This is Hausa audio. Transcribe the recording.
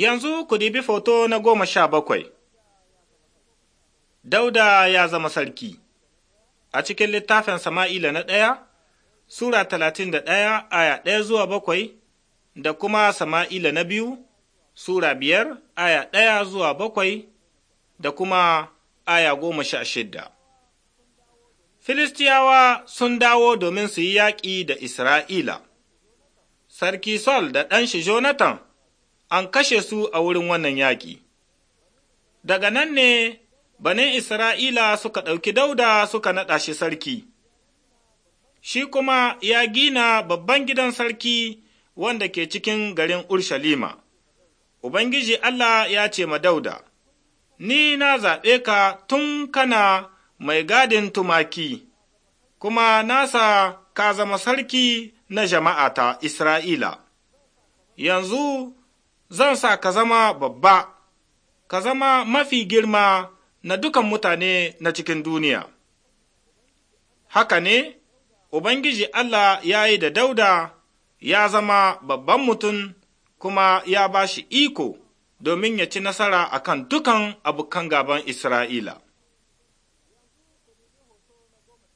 Yanzu ku dibi foto na goma sha bakwai. Dauda ya zama sarki A cikin littafin Sama'ila na ɗaya, Sura talatin da ɗaya aya ɗaya zuwa bakwai, da kuma Sama'ila na biyu, Sura biyar aya ɗaya zuwa bakwai, da kuma aya goma sha shidda. Filistiyawa sun dawo domin su yi yaƙi da Isra'ila. Sarki Sol da ɗanshi Jonathan an kashe su a wurin wannan yaƙi. Daga nan ne banin Isra'ila suka ɗauki dauda suka naɗa shi sarki, shi kuma ya gina babban gidan sarki wanda ke cikin garin Urshalima. Ubangiji Allah ya ce ma dauda, Ni na zaɓe ka tun kana mai gadin tumaki, kuma nasa ka zama sarki na jama'a ta Isra'ila. Yanzu zan sa ka zama babba, ka zama mafi girma na dukan mutane na cikin duniya. Haka ne, Ubangiji Allah ya yi da dauda ya zama babban mutum kuma ya ba shi iko domin ya ci nasara akan dukan abokan gaban Isra'ila.